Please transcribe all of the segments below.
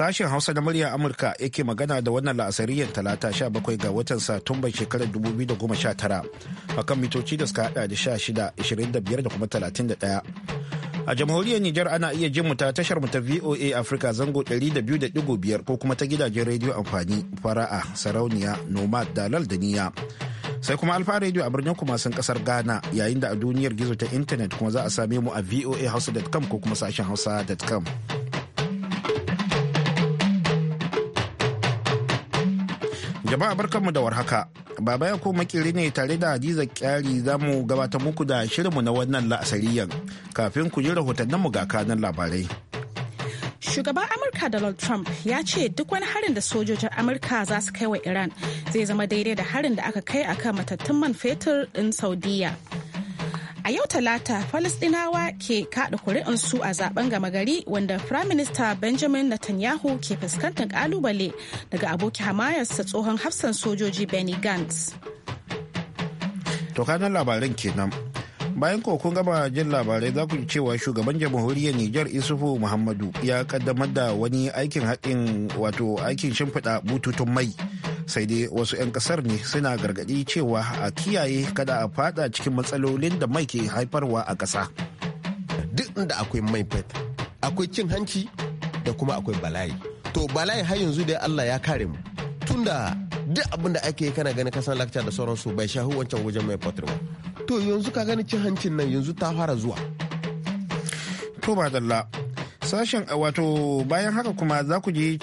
Sashen Hausa na muryar Amurka yake magana da wannan la'asariyar talata sha bakwai ga watan Satumban shekarar 2019 akan mitoci da suka hada da 16, 25 da kuma 31. A jamhuriyar Nijar ana iya jin mu ta tashar mu ta VOA Africa zango 200.5 ko kuma ta gidajen rediyo amfani fara'a sarauniya nomad dalal da niya. Sai kuma alfa rediyo a birnin kuma sun kasar Ghana yayin da a duniyar gizo ta intanet kuma za a same mu a voa hausa.com ko kuma sashen hausa.com. Jama'a barkanmu da warhaka. Baba ya ko makiri ne tare da Hadiza Kyari za mu gabatar muku da shirinmu na wannan la'asariyar kafin ku ji mu ga kanan labarai. Shugaban Amurka Donald Trump ya ce duk wani harin da sojojin Amurka za su kai wa Iran zai zama daidai da harin da aka kai akan matattun man fetur ɗin Saudiya. A yau Talata, Falasɗinawa ke kaɗa kuri'unsu a zaben gama gari wanda Firaminista Benjamin Netanyahu ke fuskantar ƙalubale daga aboki hamayarsa tsohon hafsan sojoji Benny Gantz. To kanan labaran kenan. Bayan ko kun gama jin labarai za ku ji cewa shugaban jamhuriyar Nijar Isufu Muhammadu ya kaddamar da wani aikin haɗin wato aikin shimfiɗa bututun mai. sai dai wasu 'yan kasar ne suna gargadi cewa a kiyaye kada a fada cikin matsalolin da mai ke haifarwa a ƙasa. duk inda akwai mai akwai cin hanci da kuma akwai bala'i to bala'i har yanzu dai allah ya kare mu tunda duk abin da ake kana gani kasan lakca da sauransu bai shahu wancan wajen mai ba to yanzu ka gani cin hancin nan yanzu ta fara zuwa to ba Sashen eh, wato bayan haka kuma za ku ji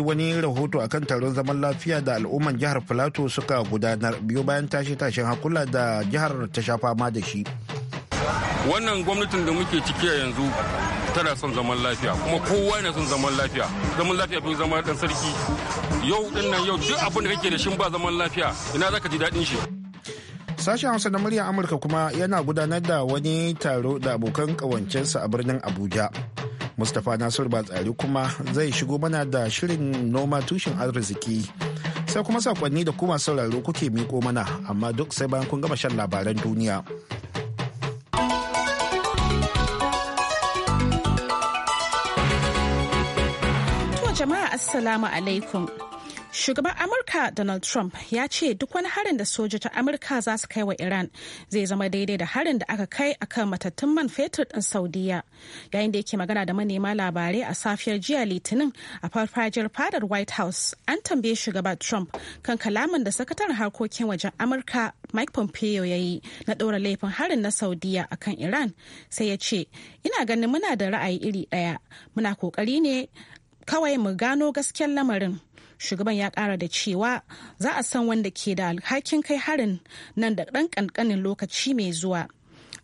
wani rahoto akan taron zaman lafiya da al'umman jihar Filato suka gudanar biyo bayan tashi tashin hakula da jihar ta shafa ma da shi. Wannan gwamnatin da muke ciki a yanzu tana son zaman lafiya kuma kowa yana son zaman lafiya zaman lafiya fi zama dan sarki yau din nan yau duk abin da kake da shin ba zaman lafiya ina zaka ji daɗin shi sashen hausa na muryar amurka kuma yana gudanar da wani taro da abokan ƙawancensa a birnin abuja mustapha nasiru batsari kuma zai shigo mana da shirin noma tushen arziki sai kuma sakonni da kuma sauraro kuke miko mana amma duk sai bayan kun gama shan labaran duniya jama'a assalamu alaikum Shugaban Amurka Donald Trump ya ce duk wani harin da soja ta Amurka za su kai wa Iran zai zama daidai da harin da aka kai akan matattun man fetur ɗin Saudiya. Yayin da yake magana da manema labarai a safiyar jiya Litinin a farfajiyar fadar White House, an tambaye shugaba Trump kan kalamin da sakataren harkokin wajen Amurka Mike Pompeo ya yi na ɗora laifin harin na Saudiya akan Iran sai ya ce, "Ina ganin muna da ra'ayi iri ɗaya, muna ƙoƙari ne kawai mu gano gasken lamarin." shugaban ya kara da cewa za a san wanda ke da alhakin kai harin nan da ɗan ƙanƙanin lokaci mai zuwa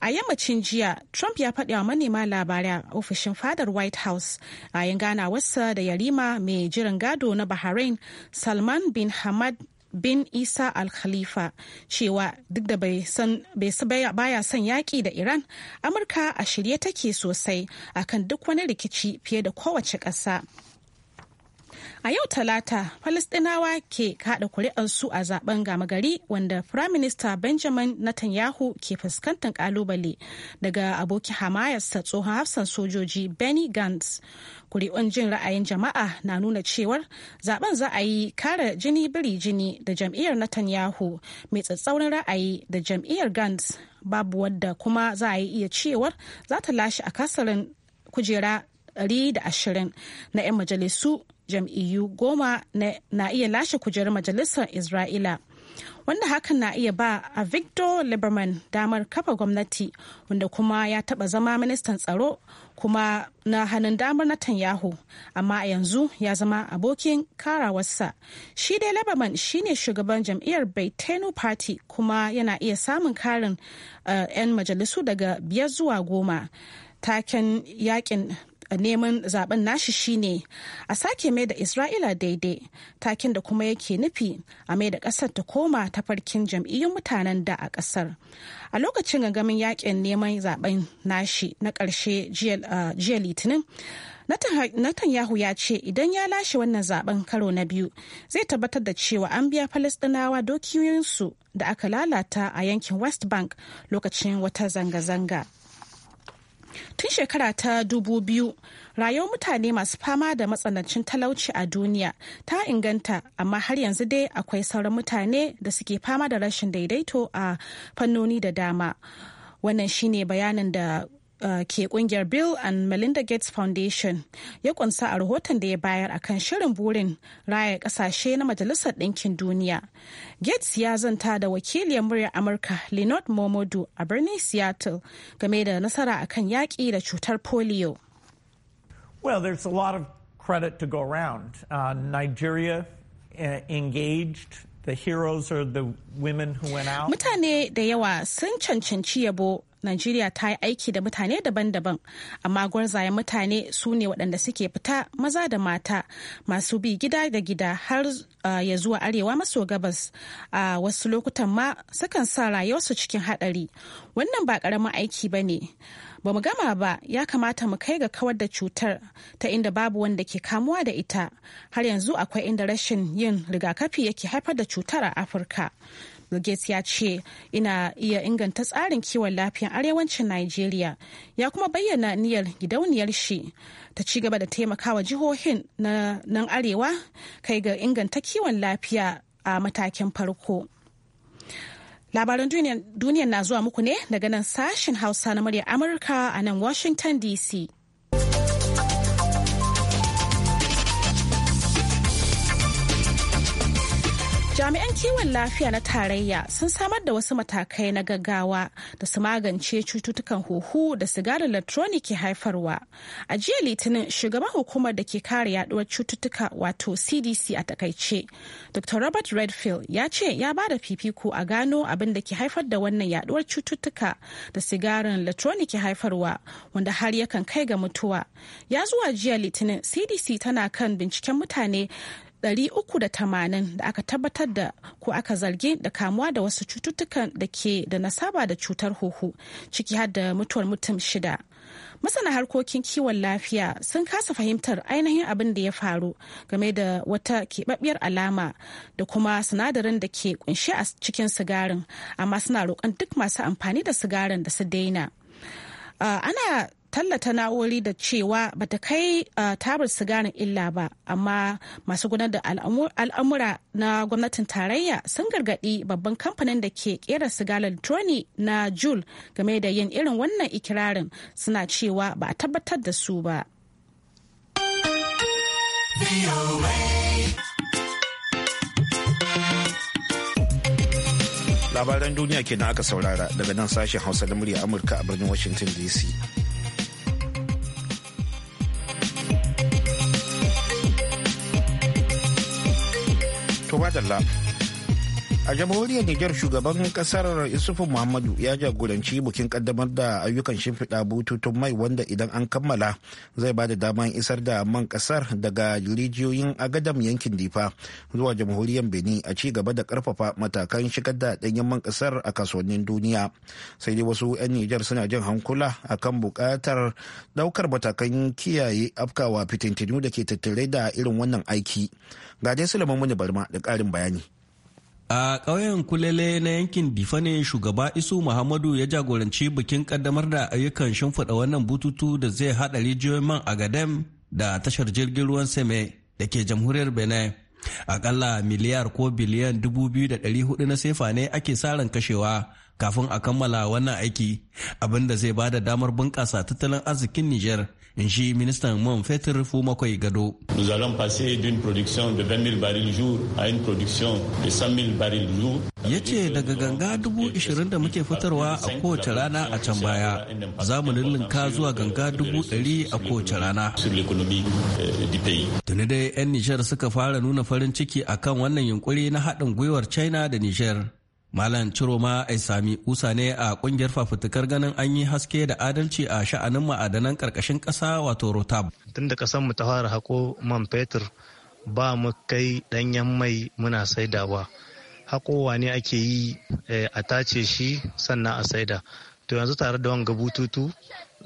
a yammacin jiya trump ya faɗi wa manema labarai a ofishin fadar white house a yin ganawarsa da yarima mai jiran gado na bahrain salman bin hamad bin isa al-khalifa cewa duk da baya son yaƙi da iran amurka a shirye take sosai akan duk wani rikici fiye da kowace ƙasa. A yau Talata, Falistinawa ke kada kuri'arsu a zaben gama gari wanda Firaminista Benjamin Netanyahu ke fuskantar kalubale daga abokin hamayarsa tsohon hafsan sojoji Benny Gantz. Kuri'un jin ra'ayin jama'a na nuna cewar zaben za a yi kare jini biri jini da jam'iyyar Netanyahu mai tsatsaurin ra'ayi da jam'iyyar Gantz babu wadda kuma za a yi iya cewar za ta lashe a kujera 120 na 'yan majalisu jam'iyyu goma na iya lashe kujerar majalisar Isra'ila. Wanda hakan na iya ba a Victor Lieberman damar kafa gwamnati wanda kuma ya taba zama ministan tsaro kuma na hannun damar Netanyahu amma a yanzu ya zama abokin karawarsa. Shi dai Lieberman shine shugaban jam'iyyar Baitenu Party kuma yana iya samun karin eh, 'yan majalisu daga biyar zuwa goma. Taken yakin neman zaben nashi shine a sake mai da isra'ila daidai takin da kuma yake nufi a mai da kasar ta koma ta farkin jam'iyyun mutanen da a kasar a lokacin gangamin yakin neman zaben nashi na karshe uh, jiya litinin yahu ya ce idan ya lashe wannan zaben karo na biyu zai tabbatar da cewa an biya falastinawa dokiyoyinsu da aka lalata a yankin West Bank lokacin wata zanga-zanga. Tun shekara ta dubu biyu, rayuwar mutane masu fama da matsanancin talauci a duniya ta inganta amma har yanzu dai akwai sauran mutane da suke fama da rashin daidaito a fannoni da dama. Wannan shine bayanin da Eh, ke kungiyar Bill and Melinda Gates Foundation ya kunsa a rahoton da ya bayar akan shirin burin raya kasashe na Majalisar Ɗinkin Duniya. Gates ya zanta da wakiliyar muryar Amurka leonard Momodu a birnin Seattle game da nasara akan yaƙi da cutar polio. Well, there's a lot of credit to go around. Uh, Nigeria uh, engaged The heroes are the women who went out. Mutane da yawa sun cancanci yabo Najeriya ta yi aiki da mutane daban-daban, amma gwarzayen mutane su ne waɗanda suke fita maza da mata masu bi gida da gida har eh, ya zuwa arewa maso gabas a wasu lokutan ma sukan sa rayuwarsu cikin haɗari. Wannan ba ƙaramin aiki ba ne. Ba mu gama ba ya kamata mu kai ga kawar da cutar ta inda babu wanda ke kamuwa da ita. Har yanzu akwai inda rashin yin rigakafi yake haifar da cutar a Afirka. Gates ya ce ina iya inganta tsarin kiwon lafiyan arewacin Najeriya ya kuma bayyana niyyar gidauniyar shi ta ci gaba da taimakawa jihohin na nan arewa kai ga inganta kiwon lafiya a matakin farko. Labaran duniya na zuwa muku ne daga nan sashen Hausa na muryar Amurka a nan Washington DC. Jami'an kiwon lafiya na tarayya sun samar da wasu matakai na gaggawa da su magance cututtukan huhu da sigarin electronic ke haifarwa. A jiya Litinin shugaban hukumar da ke kare yaduwar cututtuka wato CDC a takaice. Dr. Robert Redfield ya ce ya ba da fifiko a gano abin da ke haifar da wannan yaduwar cututtuka da sigarin electronic ke haifarwa wanda har yakan kai ga mutuwa. Ya zuwa jiya Litinin CDC tana kan binciken mutane 380 da aka tabbatar da ko aka zargi da kamuwa da wasu cututtukan da ke da nasaba da cutar huhu ciki har da mutuwar mutum shida masana harkokin kiwon lafiya sun kasa fahimtar ainihin abin da ya faru game da wata keɓaɓɓiyar alama da kuma sinadarin da ke kunshe a cikin sigarin amma suna roƙon duk masu amfani da sigarin da su daina ah, ana tallata na'urori da cewa bata kai tabar sigarin illa ba amma masu gudanar da al'amura na gwamnatin tarayya sun gargadi babban kamfanin da ke kera sigalar droni na jul game da yin irin wannan ikirarin suna cewa ba a tabbatar da su ba. labaran duniya kenan aka saurara daga nan sashen hausa da murya amurka a birnin washington dc madalla a jamhuriyar niger shugaban kasar isufu muhammadu ya jagoranci bikin kaddamar da ayyukan shimfiɗa bututun mai wanda idan an kammala zai ba da damar isar da man kasar daga rijiyoyin agadam yankin difa zuwa jamhuriyar benin a ci gaba da karfafa matakan shigar da ɗanyen man kasar a kasuwannin duniya sai dai wasu 'yan niger suna jin hankula akan buƙatar ɗaukar matakan kiyaye afkawa fitintinu da ke tattare da irin wannan aiki ga dai sulaiman muni barma da ƙarin bayani A ƙauyen Kulele na yankin Difane shugaba Isu Muhammadu ya jagoranci bikin kaddamar da ayyukan shimfiɗa wannan bututu da zai haɗa rijiyoyin man Agadem da tashar jirgin ruwan Seme da ke jamhuriyar Benin. Akalla miliyar ko biliyan dubu biyu da ɗari hudu na sefa ne ake ran kashewa kafin a kammala wannan aiki abin da zai ba da damar bunƙasa tattalin arzikin Nijar in shi ministan man fetur Fumakwai Gado. Nous allons passer d'une production de 20000 barils jour à une production de 100.000 barils jour. Ya ce daga ganga dubu ishirin da muke fitarwa a kowace rana a can baya za mu lullunka zuwa ganga dubu ɗari a kowace rana. Euh, Tuni dai 'yan Nijar suka fara nuna farin ciki akan wannan yunkuri na haɗin gwiwar China da Nijar. Malam Ciroma Aisami kusa ne a kungiyar fafutukar ganin an yi haske da adalci a sha'anin ma'adanan karkashin ƙasa wato Rotab. Tun da mu ta fara hako man fetur ba mu kai ɗanyen mai muna saidawa. Hakowa ne ake yi eh, a tace shi sannan a saida. To yanzu tare da wanga bututu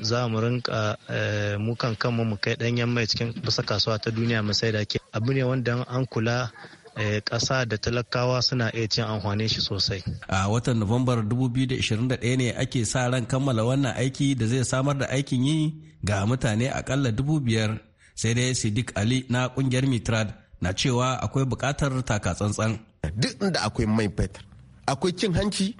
za mu rinka eh, mukan kanmu mu kai ɗanyen mai cikin bisa kasuwa ta duniya mu saida ke. Abu ne wanda an kula Eh, ƙasa da talakawa suna iya cin amfani shi sosai. A watan Nuwambar 2021 ne ake sa ran kammala wannan aiki da zai samar da aikin yi ga mutane akalla dubu biyar sai dai Sidik Ali na kungiyar Mitrad na cewa akwai buƙatar taka tsantsan. Duk inda akwai mai fetur, akwai cin hanci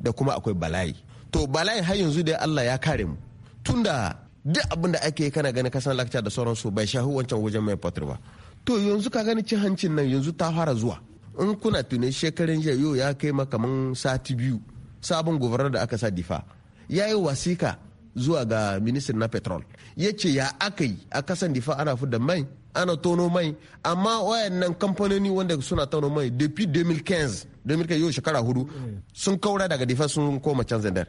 da kuma akwai bala'i. To bala'i har yanzu da Allah ya kare mu. Tunda duk abin da ake kana gani kasan lakca da sauransu bai shahu wancan wajen mai fetur ba. to yanzu ka gani cin hancin nan yanzu ta fara zuwa in kuna tuni shekarun jiya ya kai makaman sati biyu sabon gobarar da aka sa difa ya yi wasika zuwa ga ministan na petrol ya ce ya aka yi a kasan difa ana da mai ana tono mai amma wayannan kamfanoni wanda suna tono mai depuis 2015 2015 yau shekara hudu mm. sun kaura daga difa sun koma can zandar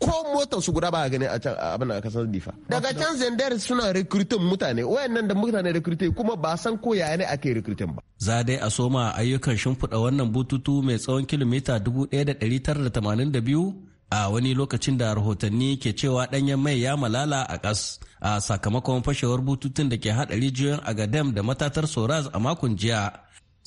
ko motar su guda ba gani a can abin a kasar difa daga can zandar suna rekrutin mutane wayannan da mutane rekrute kuma ba san ko yaya ne ake rekrutin ba za dai a soma ayyukan shimfiɗa wannan bututu mai tsawon kilomita 1982 a wani lokacin da rahotanni ke cewa ɗanyen mai ya malala a kas a sakamakon fashewar bututun da ke haɗari rijiyoyin agadem da matatar soraz a makon jiya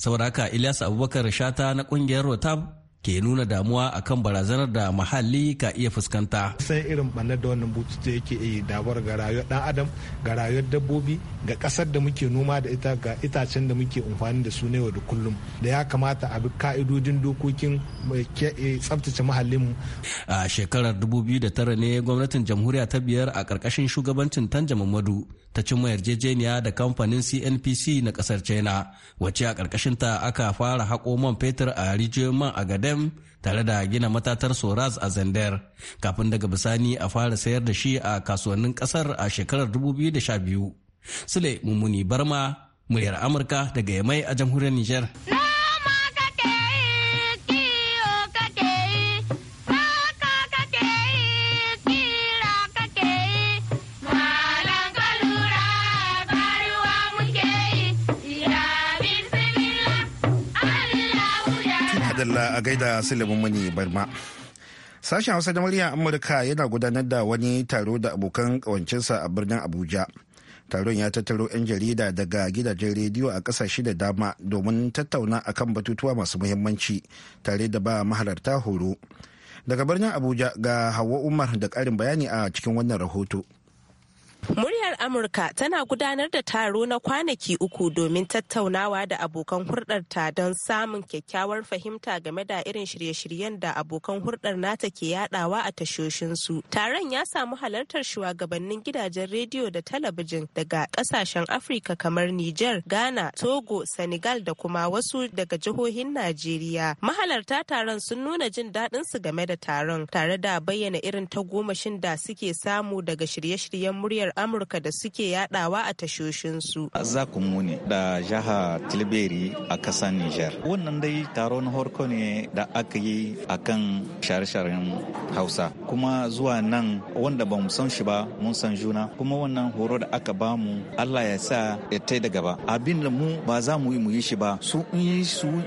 saboda haka ilyas abubakar shata na ƙungiyar rotab ke nuna damuwa akan barazanar da muhalli ka iya fuskanta. Sai irin banar da wannan bututu yake yi dabar ga rayuwar dan adam ga rayuwar dabbobi ga kasar da muke noma da ita ga itacen da muke amfani da su ne wa da kullum da ya kamata a bi ka'idodin dokokin eh, eh, tsabtace mu. A shekarar 2009 ne gwamnatin jamhuriya ta biyar a karkashin shugabancin Tanja Mamadu ta cimma yarjejeniya da kamfanin CNPC na kasar China wacce a ta aka fara haƙo man fetur a rijiyoyin man a Gadem FM tare da gina matatar Soras a zender kafin daga bisani a fara sayar da shi a kasuwannin kasar a shekarar 2012. Sule Mummuni Barma, muryar Amurka daga Yamai a jamhuriyar Nijar. madalla a gaida silimin mani barma sashen hausa da murya amurka yana gudanar da wani taro da abokan kawancinsa a birnin abuja taron ya tattaro 'yan jarida daga gidajen rediyo a kasashe da dama domin tattauna akan batutuwa masu muhimmanci tare da ba mahalarta horo daga birnin abuja ga hauwa umar da ƙarin bayani a cikin wannan rahoto Muryar Amurka tana gudanar da taro na kwanaki uku domin tattaunawa da abokan hulɗarta don samun kyakkyawar fahimta game da irin shirye-shiryen da abokan hulɗar nata ke yadawa a tashoshinsu. Taron ya samu halartar shugabannin gidajen rediyo da talabijin daga ƙasashen Afirka kamar Nijar, Ghana, Togo, Senegal da kuma wasu daga jihohin Najeriya. Mahalarta taron sun nuna jin daɗin su game da taron tare da bayyana irin tagomashin da suke samu daga shirye-shiryen muryar amurka da suke yadawa a tashoshinsu zaku ne da jiha tilberi a ƙasar Nijar. wannan dai taro na harko ne da aka yi a kan share-sharen hausa kuma zuwa nan wanda ba mu san shi ba mun san juna kuma wannan horo da aka ba mu allah ya sa ya tai da gaba abin da mu ba za mu yi mu yi shi ba su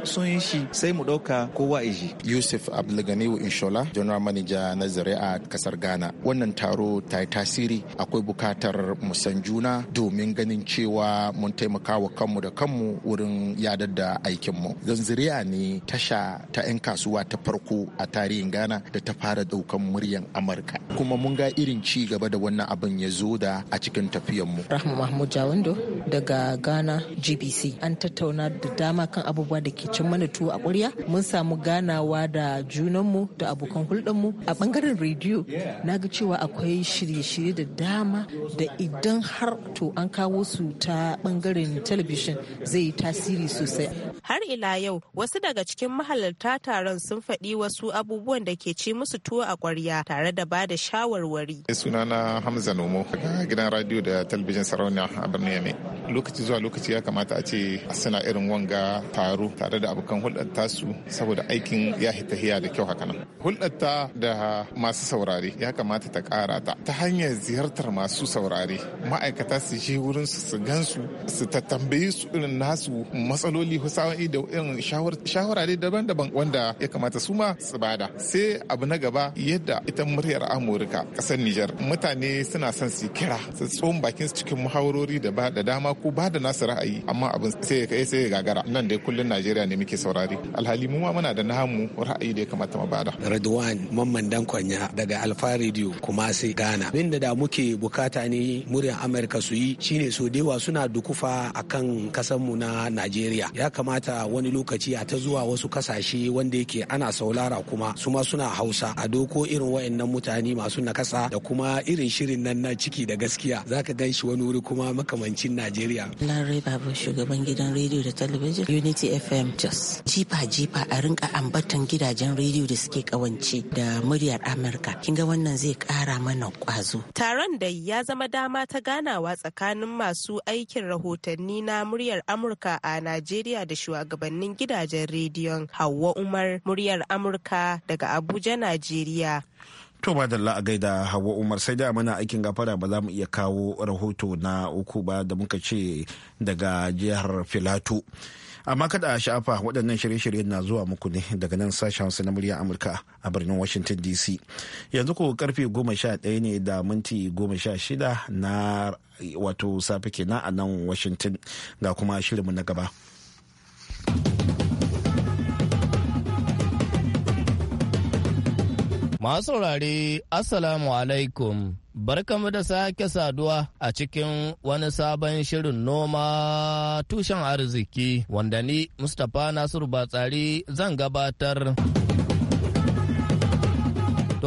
sun yi shi sai mu ɗauka kowa iji. yusuf abdulganiyu inshola general manager na zari'a kasar ghana wannan taro ta yi tasiri akwai bukata buƙatar mu san juna domin ganin cewa mun taimaka wa kanmu da kanmu wurin yadar da aikinmu. Zanzuriya ne tasha ta 'yan kasuwa ta farko a tarihin Ghana da ta fara ɗaukan muryan Amurka. Kuma mun ga irin ci gaba da wannan abin ya zo da a cikin mu. Rahma Mahmud Jawando daga Ghana GBC. An tattauna da dama kan abubuwa da ke cin mana tuwo a ƙurya. Mun samu ganawa da junanmu da abokan hulɗarmu. A ɓangaren rediyo na ga cewa akwai shirye-shirye da dama da idan har to an kawo su ta bangaren talabijin zai yi tasiri sosai har ila yau wasu daga cikin mahalarta taron sun faɗi wasu abubuwan da ke ci musu tuwo a ƙwarya tare da ba da shawarwari sunana hamza nomo daga gidan radio da talabijin sarauniya a birnin yame lokaci zuwa lokaci ya kamata a ce suna irin wanga taro tare da abokan hulɗar tasu saboda aikin ya hitahiya da kyau haka nan hulɗar ta da masu saurare ya kamata ta ƙara ta ta hanyar ziyartar masu Saurari ma'aikata su je wurin su su gansu su ta tambayi su irin nasu matsaloli husawa'i da irin shawara daban-daban wanda ya kamata su ma su bada sai abu na gaba yadda ita muryar amurka kasar nijar mutane suna son su kira su tsohon bakin cikin muhawarori da ba da dama ko ba da nasu ra'ayi amma abin sai ya sai ya gagara nan dai kullun najeriya ne muke saurare alhali mu ma muna da namu ra'ayi da ya kamata mu bada radwan mamman dankwanya daga alfa radio kuma sai ghana abinda da muke bukata mutane muryar amurka su yi shine so dewa suna dukufa a akan kasanmu na najeriya ya kamata wani lokaci a ta zuwa wasu kasashe wanda yake ana saulara kuma su ma suna hausa a doko irin wayannan mutane masu nakasa da kuma irin shirin nan na ciki da gaskiya zaka gan shi wani wuri kuma makamancin najeriya larai babu shugaban gidan rediyo da talabijin unity fm jos jifa jifa a rinka ambatan gidajen rediyo da suke kawance da muryar amurka kinga wannan zai kara mana kwazo taron da ya zama dama ta ganawa tsakanin masu aikin rahotanni na muryar Amurka a Najeriya da shugabannin gidajen rediyon Hauwa Umar muryar Amurka daga Abuja, Najeriya. To ba da a gaida Hawa Umar sai da mana aikin gafara ba za mu iya kawo rahoto na uku ba da muka ce daga jihar Filato. amma kada a sha'afa waɗannan shirye-shiryen na zuwa muku ne daga nan sashen hausa na murya amurka a birnin washington dc yanzu ko karfe goma sha ɗaya ne da minti goma sha shida na wato safe kenan a nan washington ga kuma shirinmu na gaba masu rari assalamu alaikum Barkamu da sake saduwa a cikin wani sabon shirin noma tushen arziki wanda ni Mustapha Nasiru Batsari zan gabatar.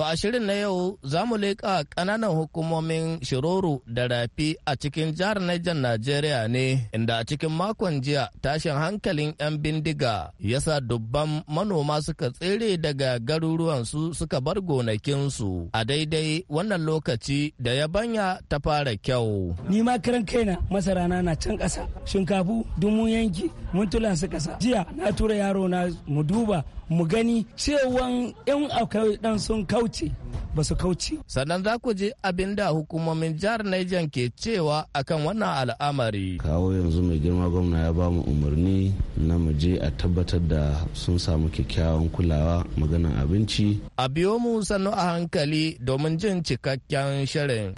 To a shirin na yau za mu leƙa ƙananan hukumomin Shiroro da Rafi a cikin jihar Niger Najeriya ne, inda a cikin makon jiya tashin hankalin 'yan bindiga ya sa dubban manoma suka tsere daga garuruwan su suka bar gonakinsu a daidai wannan lokaci da ya yabanya ta fara kyau. Ni ma karan kaina masara na na can ƙasa, shinkafu dumun yanki mun su ƙasa. Jiya na tura yaro na mu duba mu gani cewa 'yan akwai dan sun kauce kauce ba su kauce. sannan za ku ji abin da hukumomin jihar Niger ke cewa akan wannan al'amari. kawo yanzu mai girma gwamna ya ba mu umarni na mu je a tabbatar da sun samu kyakkyawan kulawa maganan abinci. a biyo mu sannu a hankali domin jin cikakken shirin.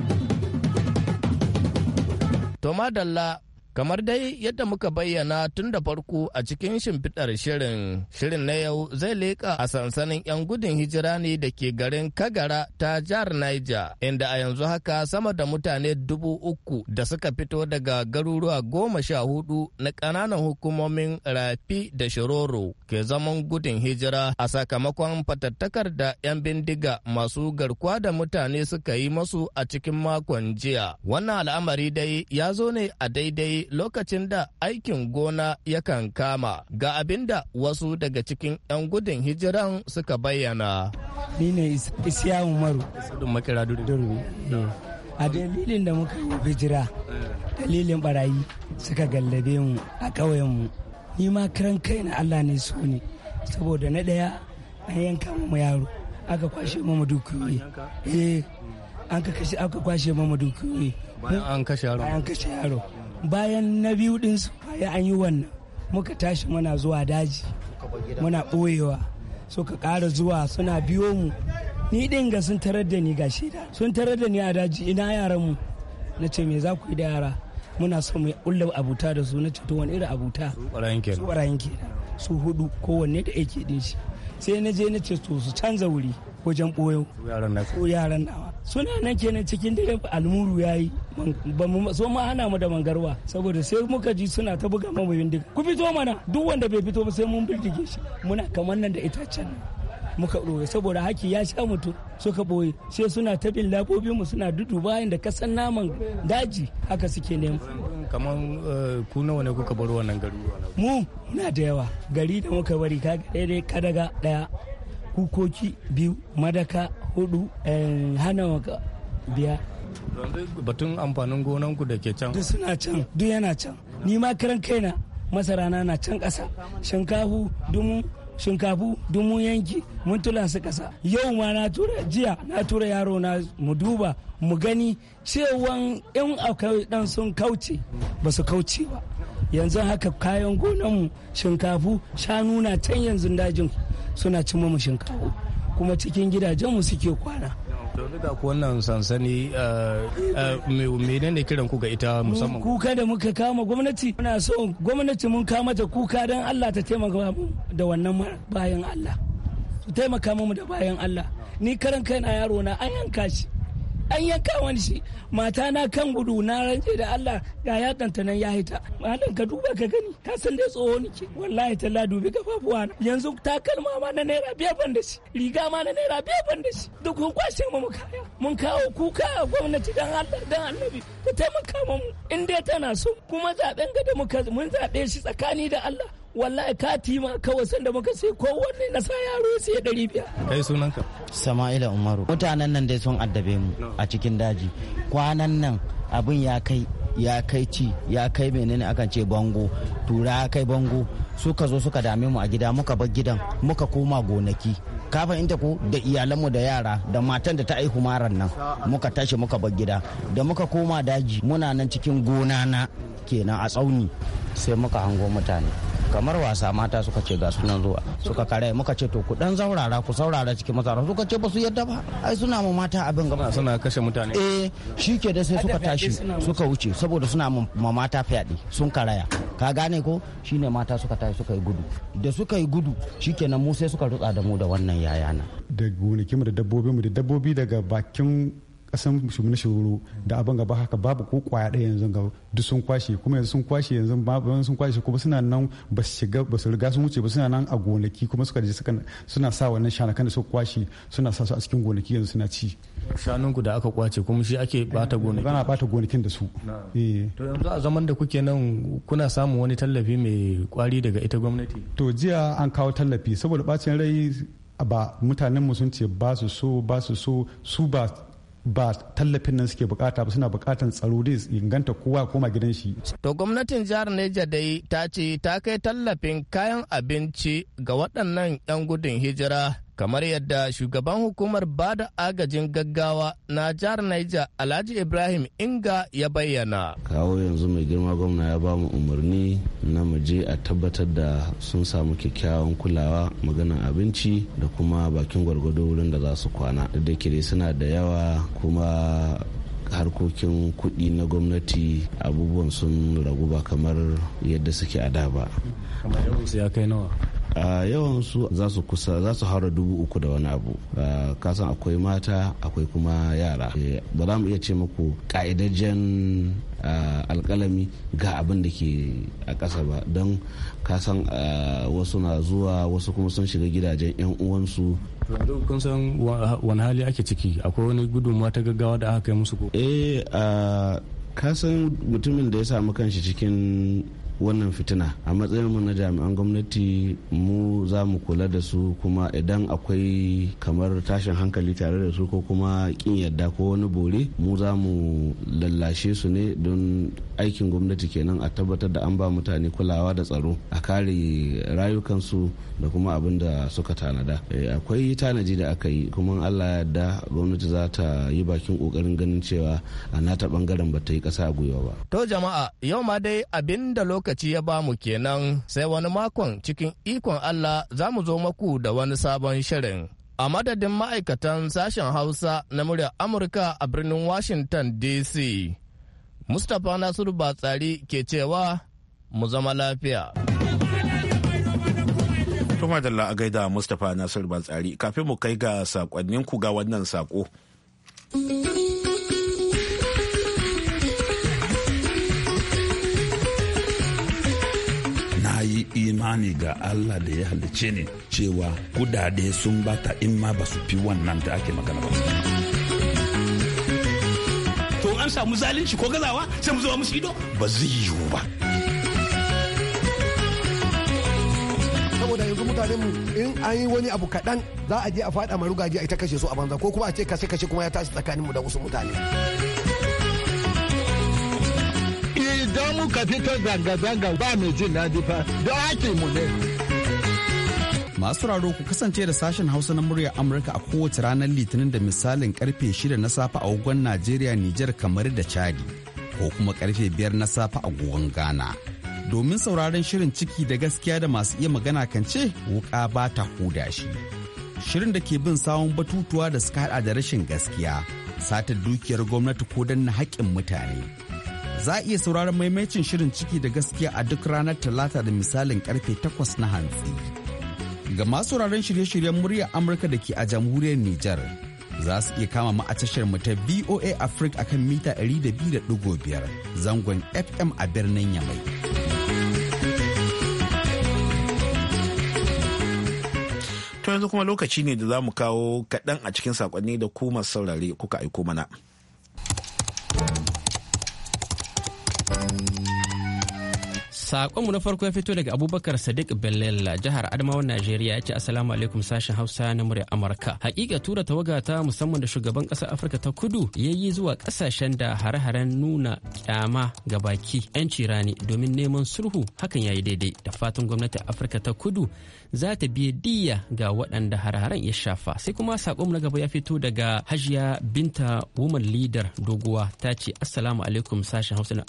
Kamar dai yadda muka bayyana tun da farko a cikin shimfiɗar shirin, shirin na yau zai leƙa a sansanin 'yan gudun hijira ne da ke garin Kagara ta jihar Niger, inda a yanzu haka sama da mutane dubu uku da suka fito daga garuruwa goma sha hudu na ƙananan hukumomin Rafi da Shiroro ke zaman gudun hijira a sakamakon fatattakar da 'yan bindiga masu garkuwa da mutane suka yi masu a cikin makon jiya. Wannan al'amari dai ya zo ne a daidai lokacin da aikin gona yakan kama ga abin wasu daga cikin 'yan gudun hijiran suka bayyana. Ni ne Isiya Umaru. Eh. A dalilin da muka yi hijira, dalilin barayi suka gallabe mu a mu. ni ma kiran na Allah ne su ne saboda na ɗaya an yanka mu yaro aka kwashe mu dukiyoyi eh an ka kashe aka kwashe mu dukiyoyi bayan an kashe yaro bayan kashe yaro bayan na biyu din su ya an yi wannan muka tashi muna zuwa daji muna ɓoyewa suka ƙara zuwa suna biyo mu ni din ga sun tarar da ni ga shida sun tarar da ni a daji ina yaran mu na ce me za ku yi da yara muna so mu ulla abuta da su na ce to wani irin abuta su barayin ke su hudu kowanne da yake din shi sai na je na ce to su canza wuri wajen boyo su yaran nawa suna nan kenan cikin dare almuru yayi ba mu so ma hana mu da mangarwa saboda sai muka ji suna ta buga mu bindiga ku fito mana duk wanda bai fito ba sai mun bindige shi muna kamar nan da itacen nan muka ɓoye saboda haki ya sha mutum suka ɓoye sai suna ta bin mu suna dudu bayan da kasan naman daji haka suke nema. kamar eh, ku nawa ne kuka bar wannan gari mu muna da yawa gari da muka bari kaga daidai kadaga daya kukoki biyu madaka hudu eh, hana biya batun amfanin gonanku da ke can duk suna can duk yana can ni ma karan kaina masara na na can kasa shinkafu dumu shinkafu duk mun yanki mun tula su kasa yau ma na tura jiya na tura yaro na mu duba mu gani cewan in akwai dan sun kauce ba su kauce ba yanzu haka kayan mu shinkafu shanu na can yanzu dajin suna cimma mu shinkafu kuma cikin gidajen mu suke kwana to da ku wannan sansani eh, eh, ne kiran ku ga ita musamman kuka da muka kama gwamnati muna so gwamnati mun kama ta kuka don Allah ta taimaka mu da wannan bayan Allah su taimaka mu da bayan Allah ni karan kai na yaro na an yanka shi an yanka wani shi mata na kan gudu na rance da Allah ga yatan ta nan ya hita malam ka duba ka gani ka san dai tsoho nake wallahi talla dubi kafafuwa na yanzu takalma ma na naira biyar ban da shi riga ma na naira biyar ban da shi duk kun kwashe mu kaya mun kawo kuka a gwamnati dan Allah dan Annabi ta taimaka mu in dai tana so kuma zaben ga da muka mun zabe shi tsakani da Allah wallahi kati ma kawai sanda muka sai kowanne na sa yaro sai ɗari biyar. Kai sunanka? Sama'ila Umaru. Mutanen nan dai sun addabe mu a cikin daji. Kwanan nan abin ya kai ya kai ci ya kai menene akan ce bango tura ya kai bango suka zo suka dame mu a gida muka bar gidan muka koma gonaki kafin fahimta ko da iyalanmu da yara da matan da ta aihu maran nan muka tashi muka bar gida da muka koma daji muna nan cikin gona na kenan a tsauni sai muka hango mutane kamar wasa mata suka ce ga sunan zuwa suka kare muka ce to ku dan zaurara ku saurara cikin mazara suka ce ba su yadda ba ai suna mu mata abin gaba suna kashe mutane eh shike da sai suka tashi suka wuce saboda suna ma mata fyaɗe sun karaya ka gane ko shine mata suka tashi suka yi gudu da suka yi gudu shikenan mu sai suka rutsa da mu da wannan yayana da gonakin mu da dabbobin mu da dabbobi daga bakin kasan na shuguru da abin gaba haka babu ko kwaya ɗaya yanzu ga duk sun kwashe kuma yanzu sun kwashe yanzu babu sun kwashe kuma suna nan ba su shiga ba su riga sun wuce ba suna nan a gonaki kuma suka je suna sa wannan shanakan da suka kwashe suna sa su a cikin gonaki yanzu suna ci ku da aka kwace kuma shi ake bata gonaki ana bata gonakin da su eh. to yanzu a zaman da kuke nan kuna samun wani tallafi mai kwari daga ita gwamnati to jiya an kawo tallafi saboda bacin rai ba mutanen mu sun ce ba su so ba su so su ba ba tallafin nan suke bukata ba suna bukatan tsaro dai inganta kowa koma gidan shi. To gwamnatin jihar Neja dai ta ce ta kai tallafin kayan abinci ga waɗannan 'yan gudun hijira kamar yadda shugaban hukumar bada agajin gaggawa na jihar Niger Alhaji Ibrahim Inga ya bayyana. Kawo yanzu mai girma gwamna ya bamu umarni na mu je a tabbatar da sun samu kyakkyawan kulawa maganan abinci da kuma bakin gwargwado wurin da za su kwana. Da kire suna da yawa kuma harkokin kuɗi na gwamnati abubuwan sun ragu ba kamar yadda suke a da ba. ya kai nawa? a yawan su za su kusa za su haura dubu uku da wani abu kasan akwai mata akwai kuma yara e, ba za mu iya ce muku ka'idajen alkalami ga abin da ke a ƙasa ba don kasan wasu na zuwa wasu kuma sun shiga gidajen 'yan uwansu kun san wani hali ake ciki akwai wani gudunmuwa ta gaggawa da aka kai musu ko eh kasan mutumin da ya samu kanshi cikin wannan fitina a matsayin mu na jami'an gwamnati mu za mu kula da su kuma idan akwai kamar tashin hankali tare da su ko kuma kin yadda ko wani bore mu za mu lallashe su ne don aikin gwamnati kenan a tabbatar da an ba mutane kulawa da tsaro a kare rayukansu da kuma abin da suka tanada eh, akwai tanaji da aka yi kuma allah ya yadda gwamnati za ta yi bakin kokarin ganin cewa a nata bangaren ba ta yi kasa gwiwa ba to jama'a yau ma dai abin da lokaci lokaci ya ba mu kenan sai wani makon cikin ikon Allah za mu zo maku da wani sabon shirin. A madadin ma'aikatan sashen Hausa na murya Amurka a birnin Washington DC, Mustapha Nasiru Batsari ke cewa mu zama lafiya. Tuma da la'agaida Mustapha Nasiru Batsari kafin mu kai ga sakonninku ga wannan sako. imani ga Allah da ya halice ni cewa kudade sun bata in ma ba su fi wannan da ake magana ba. an samu zalunci ko gazawa sai mu zuba musu ido ba zai yiwu ba. saboda yanzu mutanen mu in an yi wani abu kaɗan za a je a faɗa marugaji a ita kashe su a banza ko kuma a ce kashe kashe kuma ya tashi tsakaninmu da wasu mutane. idan muka fito zanga-zanga ba mai jin daɗi fa don haƙƙi mu ne. Masu raro ku kasance da sashen Hausa na muryar Amurka a kowace ranar Litinin da misalin karfe 6 na safe a ugon Najeriya, Nijar, kamar da Chadi, ko kuma karfe 5 na safe a agogon Ghana. Domin sauraron shirin ciki da gaskiya da masu iya magana kan ce wuka ba ta huda shi. Shirin da ke bin sawun batutuwa da suka hada da rashin gaskiya, satar dukiyar gwamnati ko danna haƙƙin mutane. Za a iya sauraron maimacin shirin ciki da gaskiya a duk ranar Talata da misalin karfe 8 na hantsi. Ga masu sauraron shirye-shiryen muryar Amurka da ke a jamhuriyar Nijar, za su iya kama mu a tashar mu ta VOA Africa akan mita 200.5 zangon FM a birnin Yamai. To yanzu kuma lokaci ne da za mu kawo kaɗan a cikin saƙonni da kuma masu saurare kuka aiko mana. saƙonmu na farko ya fito daga Abubakar Sadiq Bellella jihar Adamawa Najeriya ce Assalamu alaikum sashen Hausa na murya Amurka. Hakika tura tawaga ta musamman da shugaban ƙasar Afirka ta Kudu ya yi zuwa ƙasashen da hare-haren nuna ƙyama ga baki 'yanci rani domin neman sulhu hakan ya yi daidai da fatan gwamnati Afirka ta Kudu za ta biya diya ga waɗanda hararen ya shafa sai kuma sakon na gaba ya fito daga hajiya binta woman leader doguwa ta ce assalamu alaikum sashen hausa na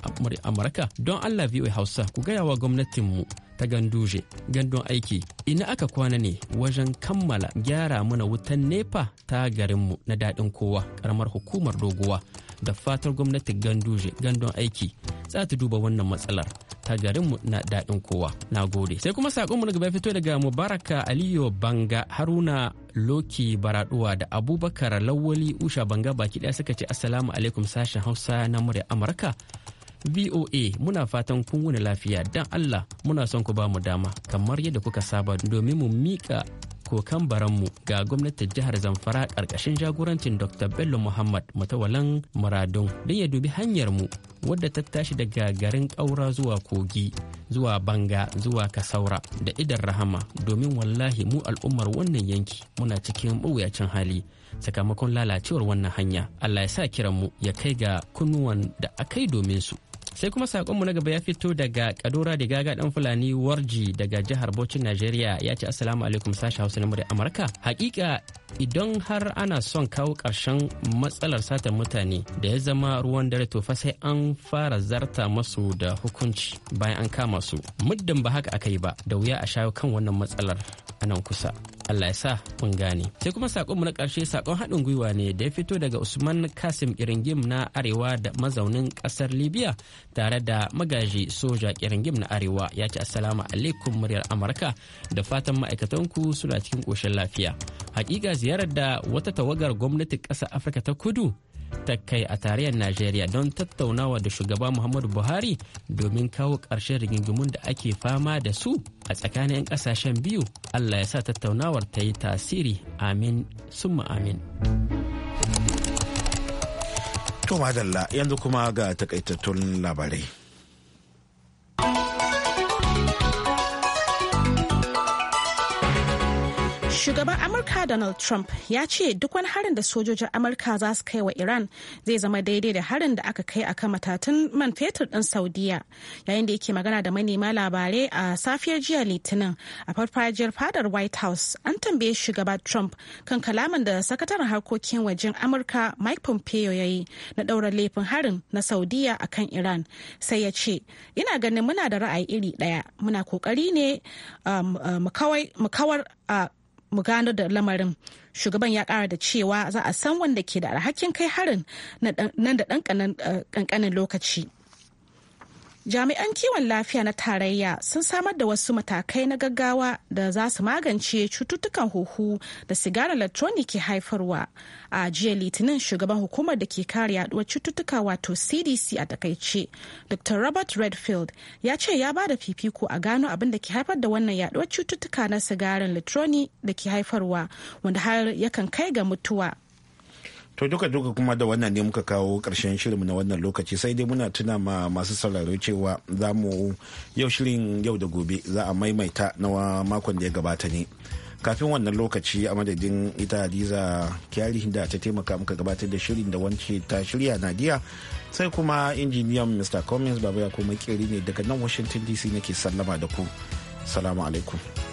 amurka don allah voa hausa ku gaya wa gwamnatinmu ta ganduje gandun aiki ina aka kwana ne wajen kammala gyara mana wutan nepa ta garinmu na daɗin kowa karamar hukumar doguwa da fatar gwamnati ganduje gandun aiki za ta duba wannan matsalar ta garinmu na daɗin kowa na gode sai kuma saƙonmu na gaba fito daga mubaraka aliyu banga haruna loki baraduwa da abubakar lawali usha banga baki ɗaya suka ce assalamu alaikum sashen hausa na murya amurka voa muna fatan kun wuni lafiya don allah muna son ku ba mu dama kamar yadda kuka saba domin mu mika kokan baranmu ga gwamnatin jihar zamfara ƙarƙashin jagorancin dr bello muhammad mutawalan muradun don ya dubi hanyar mu wadda ta tashi daga garin ƙaura zuwa kogi zuwa banga zuwa kasaura da idan rahama domin wallahi mu al'ummar wannan yanki muna cikin mawuyacin hali sakamakon lalacewar wannan hanya allah ya sa kiranmu ya kai ga kunnuwan da akai domin su sai kuma sakonmu na gaba ya fito daga kadora da gaga dan fulani warji daga jihar bocin najeriya ya ce assalamu alaikum sashi hausa na murya amurka hakika idan har ana son kawo karshen matsalar satar mutane da ya zama ruwan dare to fa sai an fara zarta masu da hukunci bayan an kama su muddin ba haka aka yi ba da wuya a shayo kan wannan matsalar a nan kusa Allah ya sa kun gane. Sai kuma sakonmu na ƙarshe sakon haɗin gwiwa ne da ya fito daga Usman Kasim Kiringim na Arewa da mazaunin ƙasar Libya tare da magaji soja Kiringim na Arewa ya ce Assalamu alaikum muryar Amurka da fatan ma'aikatanku suna cikin ƙoshin lafiya. Hakika ziyarar da wata tawagar gwamnatin ƙasar Afirka ta Kudu ta kai a tarayyar najeriya don tattaunawa da shugaba muhammadu buhari domin kawo ƙarshen rigingimun da ake fama da su a tsakanin 'yan ƙasashen biyu allah ya sa tattaunawar ta yi tasiri amin summa amin to madalla yanzu kuma ga takaitattun labarai Shugaban Amurka Donald Trump ya ce duk wani harin da sojojin Amurka za su kai wa Iran zai zama daidai da harin da aka kai akan matatun man fetur ɗin Saudiya yayin da yake magana da manema labarai a safiyar jiya Litinin a farfajiyar fadar White House an tambaye shugaba Trump kan kalaman da sakataren harkokin wajen Amurka Mike Pompeo ya yi na ɗaura laifin harin na Saudiya akan Iran sai ya ce ina ganin muna da ra'ayi iri ɗaya muna kokari ne um, uh, mu kawar uh, mu gano da lamarin shugaban ya kara da cewa za a san wanda ke da alhakin kai harin nan da ɗan eh, ƙanƙanin lokaci. jami'an kiwon lafiya na tarayya sun samar da wasu matakai na gaggawa da za su magance cututtukan huhu da sigar electronic ke haifarwa a jiya litinin shugaban hukumar da ke kare yaduwar cututtuka wato cdc a takaice dr robert redfield ya ce ya ba da fifiko a gano abin da ke haifar da wannan yaduwar cututtuka na sigarin electronic da ke haifarwa wanda har yakan kai ga mutuwa To duka duka kuma da wannan ne muka kawo ƙarshen shirinmu na wannan lokaci sai dai muna tuna ma masu sauraro cewa za mu yau shirin yau da gobe za a maimaita na makon da ya gabata ne. kafin wannan lokaci a madadin ita hadiza kyari da ta taimaka muka gabatar da shirin da wance ta shirya nadiya sai kuma injiniyan mr cummins baba ya kuma kiri ne daga nan washington dc nake sallama da ku salamu alaikum